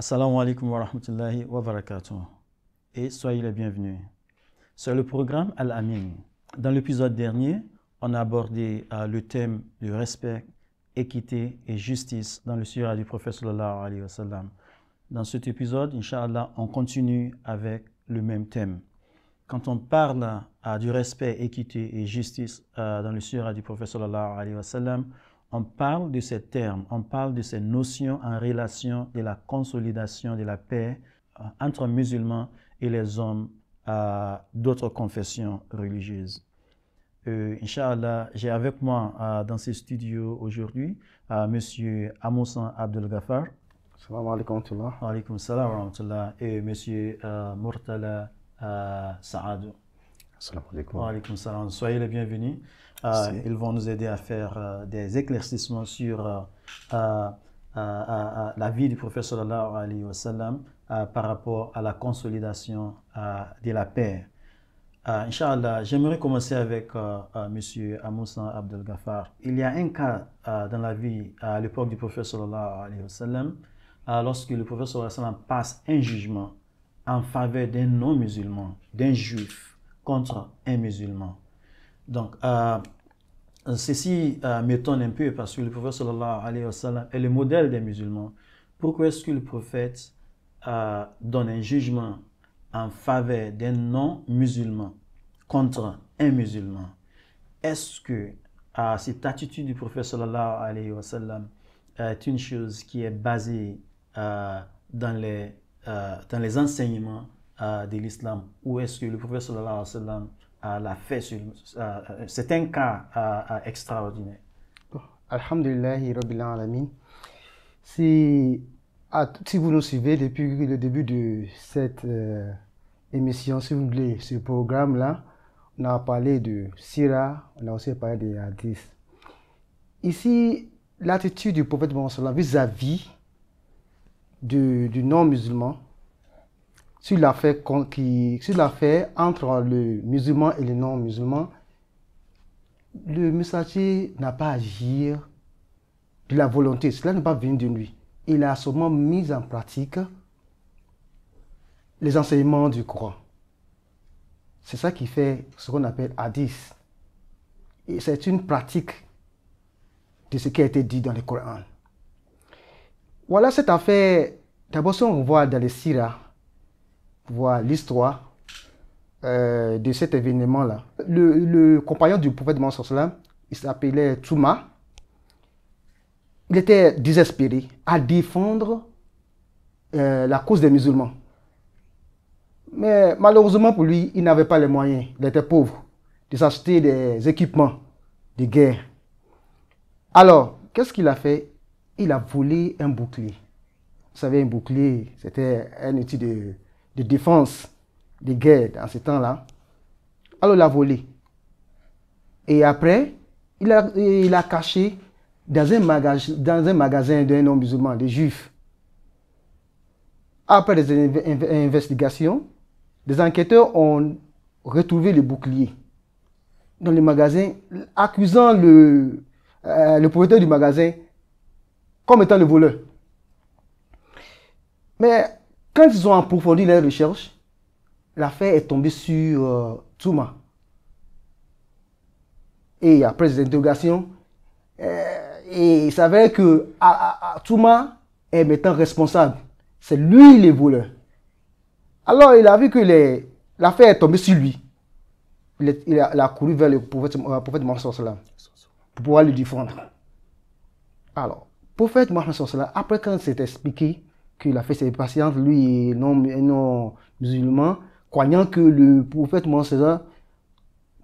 Assalamu alaikum wa rahmatullahi wa barakatuh et soyez les bienvenus. Sur le programme Al-Amin, dans l'épisode dernier, on a abordé euh, le thème du respect, équité et justice dans le surah du prophète Dans cet épisode, Inch'Allah, on continue avec le même thème. Quand on parle euh, du respect, équité et justice euh, dans le surah du prophète sallallahu on parle de ces termes, on parle de ces notions en relation de la consolidation de la paix euh, entre musulmans et les hommes d'autres confessions religieuses. Euh, Inch'Allah, j'ai avec moi euh, dans ce studio aujourd'hui M. Amoussan Abdel Ghaffar. alaikum wa Alaikum salam wa Et M. Murtala Saadou. Assalamu Soyez les bienvenus. Euh, ils vont nous aider à faire euh, des éclaircissements sur euh, la vie du professeur sallallahu alayhi par rapport à la consolidation de la paix. Inch'Allah, j'aimerais commencer avec Monsieur M. Amoussa Abdel Ghaffar. Il y a un cas dans la vie à l'époque du professeur sallallahu alayhi lorsque le professeur sallallahu alayhi passe un jugement en faveur d'un non-musulman, d'un juif contre un musulman. Donc, euh, ceci euh, m'étonne un peu parce que le prophète sallallahu alayhi wa sallam est le modèle des musulmans. Pourquoi est-ce que le prophète euh, donne un jugement en faveur d'un non-musulman contre un musulman Est-ce que cette attitude du prophète sallallahu alayhi wa sallam est une chose qui est basée dans, les, dans les enseignements de l'islam ou est-ce que le prophète sallallahu alayhi wa sallam l'a fait euh, euh, C'est un cas euh, extraordinaire. Alhamdulillah, Rabbil Alamin. Si, si vous nous suivez depuis le début de cette émission, si vous voulez, ce programme-là, on a parlé de Sira, on a aussi parlé des hadiths. Ici, l'attitude du prophète Wasallam vis-à-vis du non-musulman, sur l'affaire entre le musulman et le non-musulman, le messager n'a pas agi agir de la volonté. Cela n'est pas venu de lui. Il a seulement mis en pratique les enseignements du Coran. C'est ça qui fait ce qu'on appelle hadith. Et c'est une pratique de ce qui a été dit dans le Coran. Voilà cette affaire. D'abord, si on voit dans les Sirah, voir l'histoire euh, de cet événement-là. Le, compagnon du prophète Mohammed, il s'appelait Touma. Il était désespéré à défendre euh, la cause des musulmans. Mais malheureusement pour lui, il n'avait pas les moyens. Il était pauvre de s'acheter des équipements de guerre. Alors, qu'est-ce qu'il a fait Il a volé un bouclier. Vous savez, un bouclier, c'était un outil de, défense, des guerres dans ce temps-là, alors il a volé. Et après, il a, il a caché dans un, magasin, dans un magasin d'un non musulman, des juifs. Après des investigations, des enquêteurs ont retrouvé le bouclier dans le magasin, accusant le, euh, le propriétaire du magasin comme étant le voleur. Mais quand ils ont approfondi leurs recherches, l'affaire est tombée sur euh, Touma. Et après les interrogations, euh, il s'avère que ah, ah, ah, Touma est maintenant responsable. C'est lui les voleur. Alors il a vu que l'affaire est tombée sur lui. Il, a, couru vers le prophète, Mohamed euh, prophète pour pouvoir le défendre. Alors, prophète Mohammed après quand s'est expliqué, qu'il a fait ses patients lui, non, non musulman, croyant que le prophète Mohamed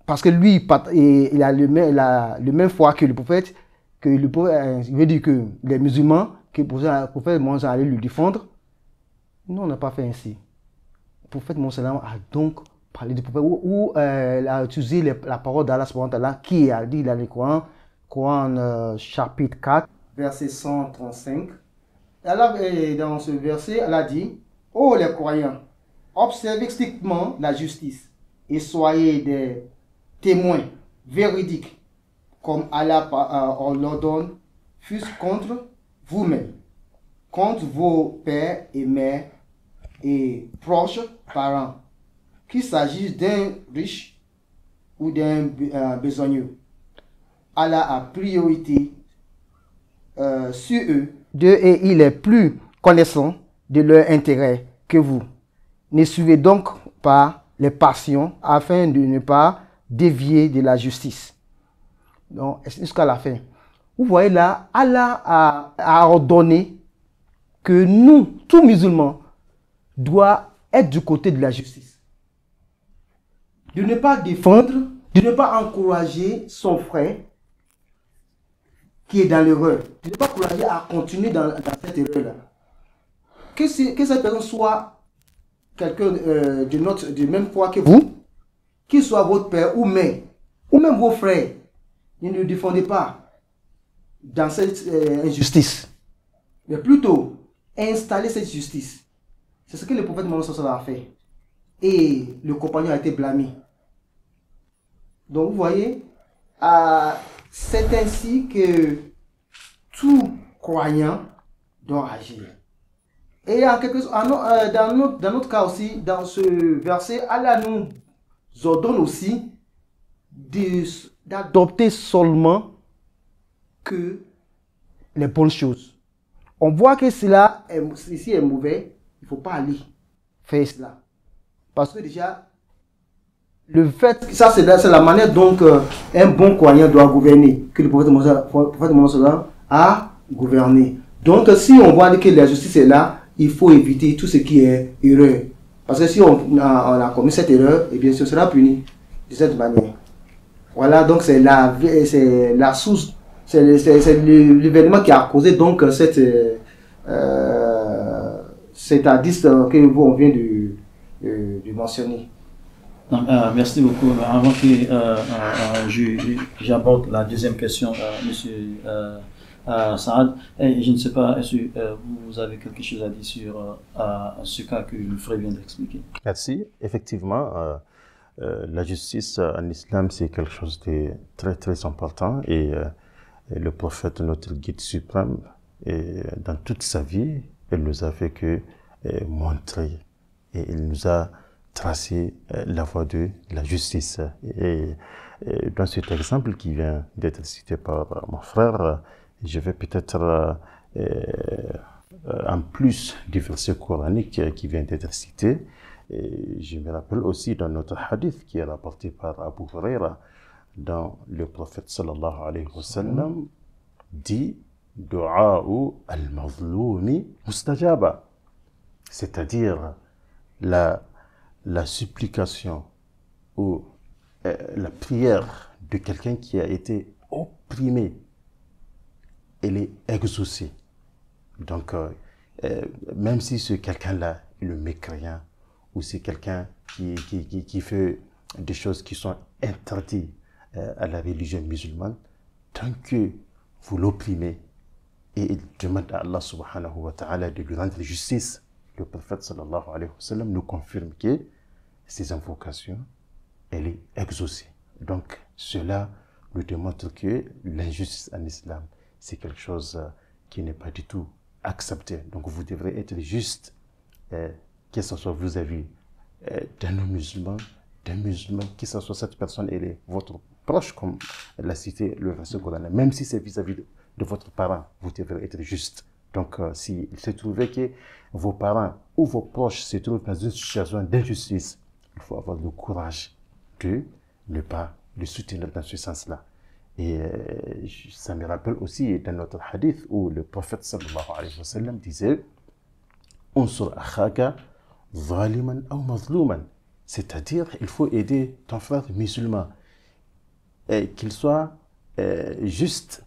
parce que lui, il a le même, la, le même foi que le prophète, que le euh, il veut dire que les musulmans, que le prophète Mohamed allait le défendre. Non, on n'a pas fait ainsi. Le prophète Mohamed a donc parlé du prophète, ou, ou euh, a utilisé la parole d'Allah qui a dit dans le Coran, Coran euh, chapitre 4, verset 135. Euh, dans ce verset, elle a dit, oh, les croyants, observez strictement la justice et soyez des témoins véridiques, comme Allah euh, ordonne, fût ce contre vous-même, contre vos pères et mères et proches parents, qu'il s'agisse d'un riche ou d'un euh, besogneux. Allah a priorité sur eux et il est plus connaissant de leur intérêt que vous. Ne suivez donc pas les passions afin de ne pas dévier de la justice. Donc, jusqu'à la fin. Vous voyez là, Allah a, ordonné que nous, tous musulmans, doit être du côté de la justice. De ne pas défendre, de ne pas encourager son frère qui est dans l'erreur. Tu n'es pas courageux à continuer dans, cette erreur-là. Que, cette personne soit quelqu'un euh, de notre, du même foi que vous, qu'il soit votre père ou mère, ou même vos frères, ne le défendez pas dans cette euh, injustice. Mais plutôt, installez cette justice. C'est ce que le prophète Mohammed a fait. Et le compagnon a été blâmé. Donc vous voyez, à, c'est ainsi que tout croyant doit agir. Et en quelque euh, dans, notre, dans cas aussi, dans ce verset, Allah nous ordonne aussi d'adopter seulement que les bonnes choses. On voit que cela est, ici est mauvais, il ne faut pas aller faire cela. Parce que déjà, le fait, ça c'est la, manière dont euh, un bon croyant doit gouverner, que le prophète Mohammed a gouverné. Donc si on voit que la justice est là, il faut éviter tout ce qui est erreur. Parce que si on a, commis cette erreur, eh bien ce sera puni de cette manière. Voilà, donc c'est la, la source, c'est l'événement qui a causé donc cette, euh, à euh, euh, que vous, on vient de mentionner. Euh, merci beaucoup. Avant que euh, euh, j'aborde la deuxième question, Monsieur Saad, et je ne sais pas si vous avez quelque chose à dire sur ce cas que vous frère bien d'expliquer. Merci. Effectivement, la justice en islam, c'est quelque chose de très, très important. Et, le prophète, notre guide suprême, et, dans toute sa vie, il nous a fait que montrer. Et il nous a tracer euh, la voie de la justice. Et, dans cet exemple qui vient d'être cité par mon frère, je vais peut-être, euh, euh, en plus du verset coranique qui vient d'être cité, je me rappelle aussi dans notre hadith qui est rapporté par Abu Huraira, dans le prophète sallallahu alayhi wa sallam, dit al-mazlumi mustajaba, c'est-à-dire la la supplication ou euh, la prière de quelqu'un qui a été opprimé, elle est exaucée. Donc, euh, euh, même si ce quelqu'un-là est le mécréant ou c'est quelqu'un qui, qui, qui, fait des choses qui sont interdites à la religion musulmane, tant que vous l'opprimez et il demande à Allah subhanahu wa ta'ala de lui rendre justice, le prophète sallallahu alayhi wa sallam nous confirme que ses invocations, elle est exaucée. Donc cela nous démontre que l'injustice en islam, c'est quelque chose euh, qui n'est pas du tout accepté. Donc vous devrez être juste, qu'il euh, que ce soit vous à vis euh, d'un musulman, d'un musulman, que ce soit cette personne, elle est votre proche, comme l'a cité le verset coranien, même si c'est vis-à-vis de, votre parent, vous devrez être juste. Donc s'il se trouvait que vos parents ou vos proches se trouvent dans une situation d'injustice, il faut avoir le courage de ne pas le soutenir dans ce sens-là. Et euh, ça me rappelle aussi dans notre hadith où le prophète sallallahu alayhi wa sallam disait ou C'est-à-dire, il faut aider ton frère musulman, qu'il soit euh, juste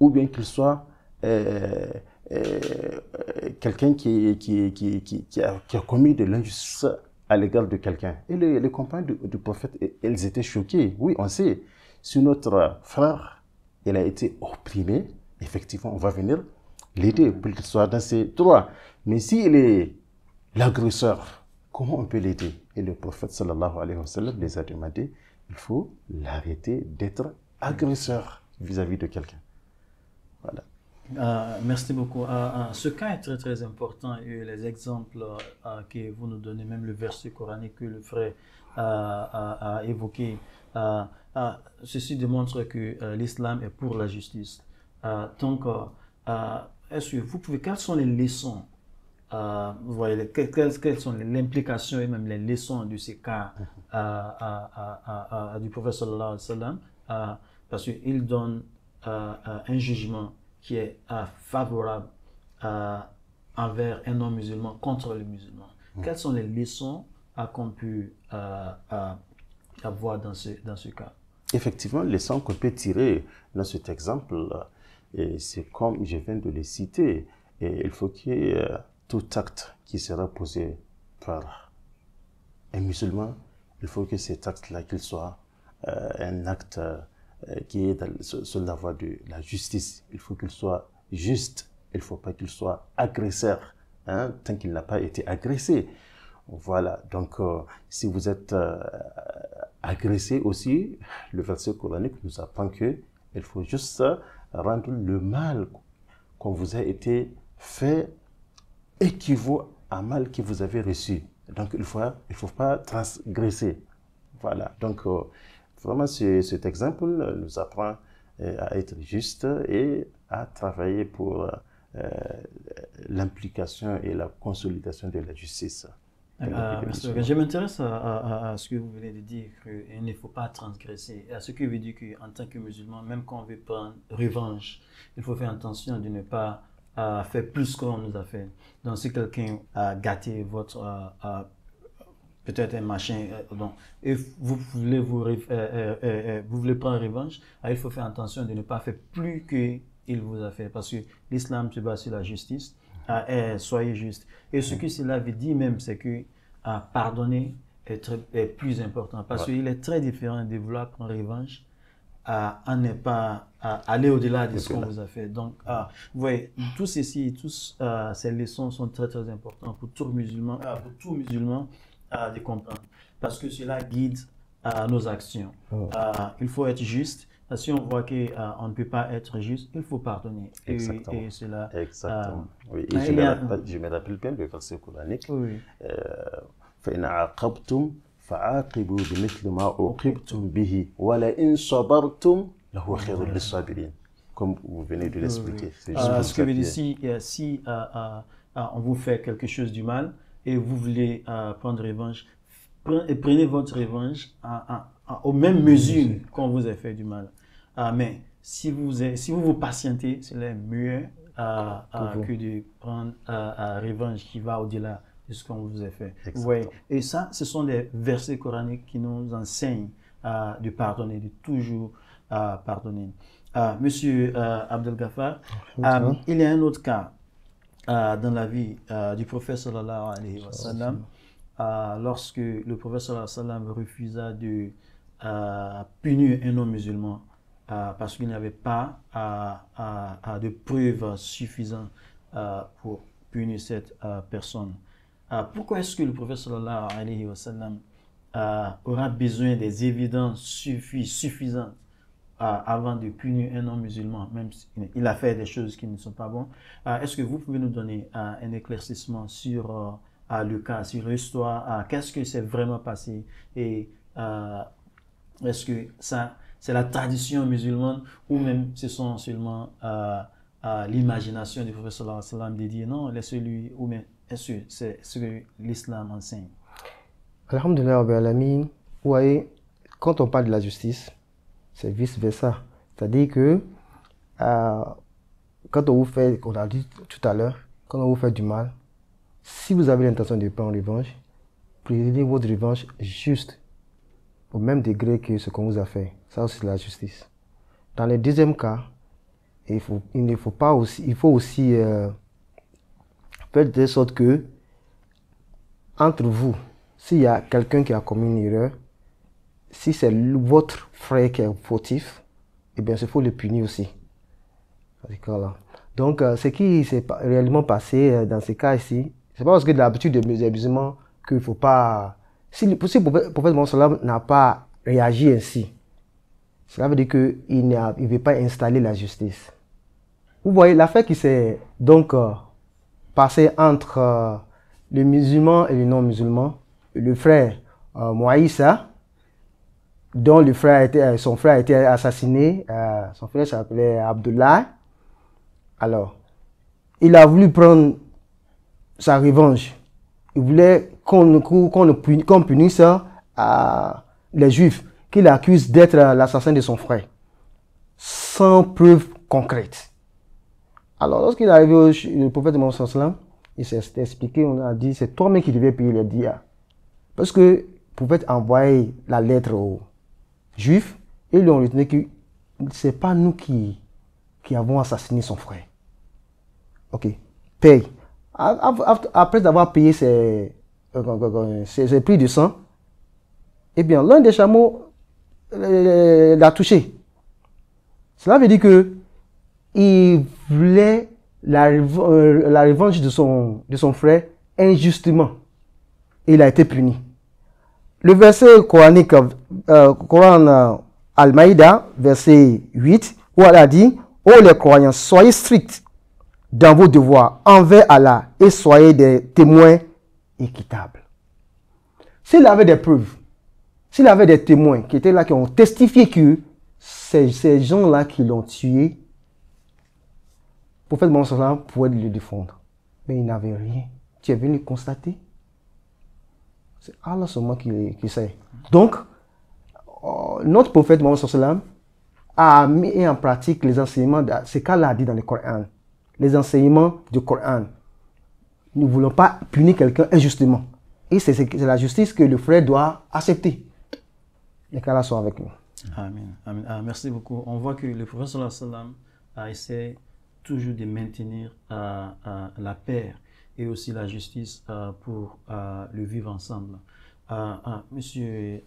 ou bien qu'il soit euh, euh, euh quelqu'un qui, qui, qui, qui, a, commis de l'injustice à l'égard de quelqu'un. Et les, les compagnes du, prophète, elles étaient choquées. Oui, on sait, si notre frère, il a été opprimé, effectivement, on va venir l'aider pour qu'il soit dans ses droits. Mais s'il est l'agresseur, comment on peut l'aider Et le prophète, sallallahu alayhi wa sallam, les a demandé, il faut l'arrêter d'être agresseur vis-à-vis -vis de quelqu'un. Voilà. Euh, merci beaucoup. Euh, euh, ce cas est très très important et les exemples que vous nous donnez, même le verset coranique que le frère a, évoqué, ceci démontre que l'islam est pour la justice. donc, est-ce que vous pouvez, quelles sont les leçons, vous voyez, quelles, quelles sont implications et même les leçons de ces cas du professeur sallallahu parce qu'il donne un jugement qui est euh, favorable euh, envers un non-musulman contre les musulmans. Mm. Quelles sont les leçons euh, qu'on peut avoir dans ce, dans ce cas Effectivement, les leçons qu'on peut tirer dans cet exemple, c'est comme je viens de le citer, et il faut que tout acte qui sera posé par un musulman, il faut que cet acte-là, qu'il soit un acte euh, qui est sur la voie de la justice. Il faut qu'il soit juste, il ne faut pas qu'il soit agresseur, hein, tant qu'il n'a pas été agressé. Voilà, donc euh, si vous êtes euh, agressé aussi, le verset coranique nous apprend que il faut juste rendre le mal qu'on vous a été fait équivaut à mal que vous avez reçu. Donc il ne faut, pas transgresser. Voilà, donc... Vraiment, cet exemple nous apprend euh, à être juste et à travailler pour euh, l'implication et la consolidation de la justice. Eh ben, je m'intéresse à, ce que vous venez de dire, qu'il ne faut pas transgresser. Et à ce que vous dites qu'en tant que musulman, même quand on veut prendre revanche, il faut faire attention de ne pas euh, faire plus qu'on nous a fait. Donc si quelqu'un a gâté votre peut-être un machin. donc, euh, et vous voulez, vous, euh, euh, vous voulez prendre revanche, ah, il faut faire attention de ne pas faire plus que il vous a fait, parce que l'islam se base sur la justice. Ah, soyez juste. Et ce que cela veut dire même, c'est que ah, pardonner est, plus important, parce qu'il est très différent de vouloir prendre revanche à, pas aller au-delà de ce qu'on vous a fait. Donc, ah, vous voyez, tous ceci, toutes ces leçons sont très très importantes pour tout musulman, pour tout musulman euh, de comprendre. Parce que cela guide euh, nos actions. Oh. Euh, il faut être juste. Si on voit qu'on euh, ne peut pas être juste, il faut pardonner. Exactement. Exactement. oui, je, me rappelle, bien le verset coranique. Oui. فعاقبوا oh, comme vous venez de l'expliquer. ce que veux dire, si, on vous fait quelque chose du mal, et vous voulez euh, prendre revanche, prenez, prenez votre revanche à, à, aux mêmes mesures qu'on vous a fait du mal. Ah, mais si vous, si vous vous patientez, c'est est mieux euh, euh, que de prendre à revanche qui va au-delà de ce qu'on vous a fait. Ouais. Et ça, ce sont des versets coraniques qui nous enseignent de pardonner, de toujours pardonner. Monsieur Abdelgafar, il y a un autre cas euh, dans la vie euh, du prophète sallallahu alayhi wa sallam, euh, lorsque le prophète sallallahu alayhi wa sallam refusa de punir un homme musulman parce qu'il n'avait pas de preuves suffisantes pour punir cette personne. pourquoi est-ce que le prophète sallallahu alayhi wa sallam aura besoin des évidences suffisantes avant de punir un homme musulman, même s'il a fait des choses qui ne sont pas bonnes. Euh, est-ce que vous pouvez nous donner euh, un éclaircissement sur euh, le cas, sur l'histoire Qu'est-ce que s'est vraiment passé Et est-ce que ça, c'est la tradition musulmane ou même ce sont seulement l'imagination du professeur de de dire non, laissez-lui ou même est-ce que c'est ce que l'islam enseigne Alhamdulillah, vous quand on parle de la justice, c'est vice-versa. C'est-à-dire que euh, quand on vous fait, on a dit tout à l'heure, quand on vous fait du mal, si vous avez l'intention de prendre revanche, prenez votre revanche juste, au même degré que ce qu'on vous a fait. Ça aussi, c'est la justice. Dans le deuxième cas, il, faut, il ne faut pas aussi, il faut aussi euh, faire de sorte que, entre vous, s'il y a quelqu'un qui a commis une erreur, si c'est votre frère qui est fautif, eh bien, il faut le punir aussi. Donc, euh, ce qui s'est réellement passé euh, dans ces cas ici, c'est pas parce que l'habitude des musulmans qu'il ne faut pas. Si, le prophète Mohammed n'a pas réagi ainsi, cela veut dire qu'il ne veut pas installer la justice. Vous voyez, l'affaire qui s'est donc euh, passée entre les le musulman et le non-musulman, le frère euh, hein, dont le frère était, euh, son frère a été assassiné. Euh, son frère s'appelait Abdullah. Alors, il a voulu prendre sa revanche. Il voulait qu'on punisse hein, à les Juifs qu'il accuse d'être l'assassin de son frère, sans preuve concrète. Alors, lorsqu'il est arrivé au prophète de Mohammed, il s'est expliqué, on a dit, c'est toi-même qui devais payer le dia. Parce que le prophète envoyait la lettre au, juifs et lui ont retenu que ce n'est pas nous qui, qui avons assassiné son frère. Ok, paye. Après avoir payé euh, euh, euh, ses, prix de sang, eh bien, l'un des chameaux l'a touché. Cela veut dire que il voulait la, revanche de son, de son frère injustement. Et il a été puni. Le verset coranique, euh, euh, Coran euh, Al-Maïda, verset 8, où Allah dit Ô oh, les croyants, soyez stricts dans vos devoirs envers Allah et soyez des témoins équitables. S'il avait des preuves, s'il avait des témoins qui étaient là, qui ont testifié que ces, gens-là qui l'ont tué, le prophète Mohammed pourrait le défendre. Mais il n'avait rien. Tu es venu constater c'est Allah seulement qui, sait. Donc, euh, notre prophète Mohammed a mis en pratique les enseignements, de, ce qu'Allah a dit dans le Coran, les enseignements du Coran. Nous ne voulons pas punir quelqu'un injustement. Et c'est la justice que le frère doit accepter. Et qu'Allah soit avec nous. Amen. Amen. Ah, merci beaucoup. On voit que le prophète a essayé ah, toujours de maintenir ah, la paix et aussi la justice euh, pour euh, le vivre ensemble. Euh, monsieur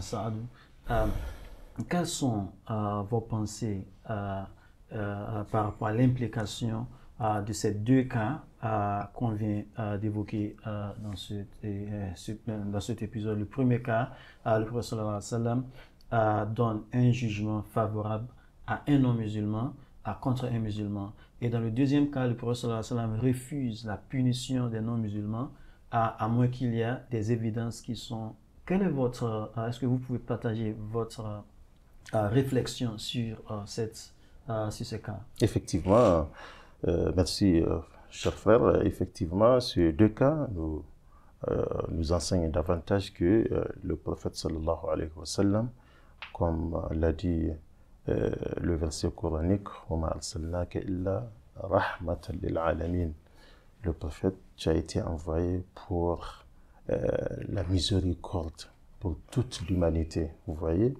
Saadou, quelles sont vos pensées par rapport à l'implication de ces deux cas qu'on vient d'évoquer dans, cet épisode Le premier cas, le professeur sallam donne un jugement favorable à un non-musulman à contre un musulman. Et dans le deuxième cas, le prophète refuse la punition des non-musulmans à, à, moins qu'il y ait des évidences qui sont... Quelle est votre... Euh, est-ce que vous pouvez partager votre euh, euh, réflexion sur, cette, sur ce cas Effectivement, merci cher frère. Effectivement, ces deux cas nous, nous enseignent davantage que le prophète sallallahu alayhi wa sallam, comme l'a dit euh, le verset coranique illa Le prophète, tu été envoyé pour euh, la miséricorde pour toute l'humanité. Vous voyez,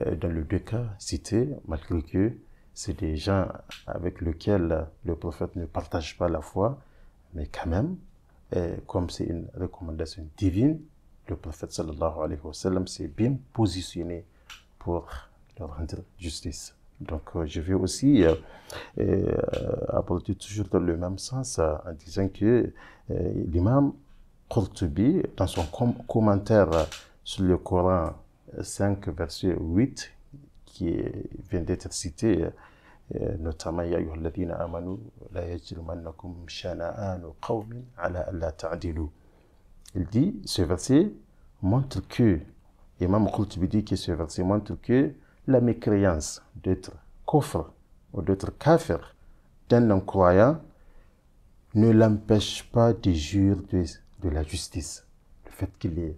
euh, dans les deux cas cités, malgré que c'est des gens avec lesquels le prophète ne partage pas la foi, mais quand même, comme c'est une recommandation divine, le prophète sallallahu alayhi wa sallam s'est bien positionné pour leur rendre justice. Donc, euh, je vais aussi euh, euh, apporter toujours dans le même sens en disant que l'imam Qurtubi, dans son commentaire sur le Coran 5, verset 8, qui est, vient d'être cité, notamment Ya amanu la qawmin ala Il dit, ce verset montre que, l'imam Qurtubi dit que ce verset montre que la mécréance d'être coffre ou d'être kafir d'un incroyant ne l'empêche pas de jurer de, la justice. Le fait qu'il est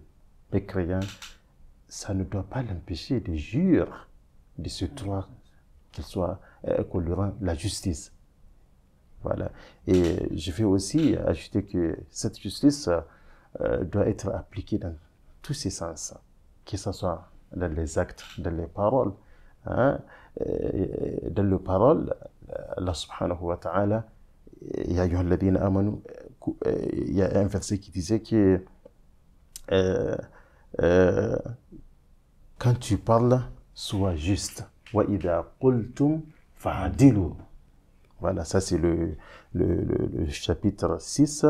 mécréant, ça ne doit pas l'empêcher de jurer de ce droit qu'il soit, euh, qu'on lui rend la justice. Voilà. Et je vais aussi ajouter que cette justice euh, doit être appliquée dans tous ses sens, que ce soit dans les actes, dans les paroles. Hein, dans les paroles, il y a un verset qui disait que euh, euh, quand tu parles, sois juste. Voilà, ça c'est le chapitre 6,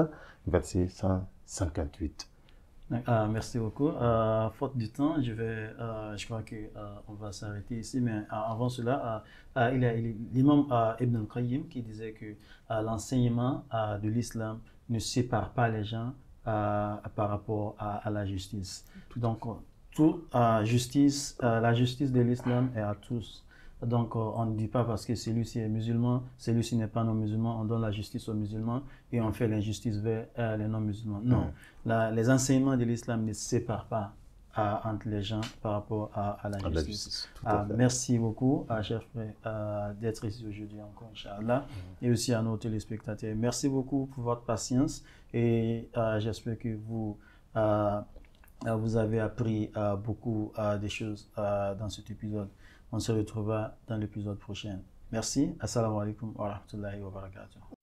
verset 158. Ah, merci beaucoup. Euh, faute du temps, je, vais, euh, je crois qu'on euh, va s'arrêter ici. Mais avant cela, il y a l'imam Ibn al qui disait que l'enseignement de l'islam ne sépare pas les gens par rapport à, la justice. Donc, tout, justice, la justice de l'islam est à tous. Donc, euh, on ne dit pas parce que celui-ci est musulman, celui-ci n'est pas non-musulman, on donne la justice aux musulmans et on fait l'injustice vers euh, les non-musulmans. Non. les enseignements de l'islam ne séparent pas euh, entre les gens par rapport à, la, justice. Ah, merci beaucoup à Chef d'être ici aujourd'hui encore, Inch'Allah, et aussi à nos téléspectateurs. Merci beaucoup pour votre patience et j'espère que vous, vous avez appris beaucoup des choses dans cet épisode. On se retrouvera dans l'épisode prochain. Merci. Assalamu alaikum wa rahmatullahi wa barakatuh.